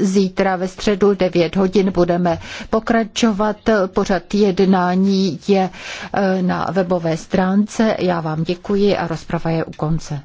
Zítra ve středu 9 hodin budeme pokračovat. Pořad jednání je eh, na webové stránce. Já vám děkuji a rozprava je u konce.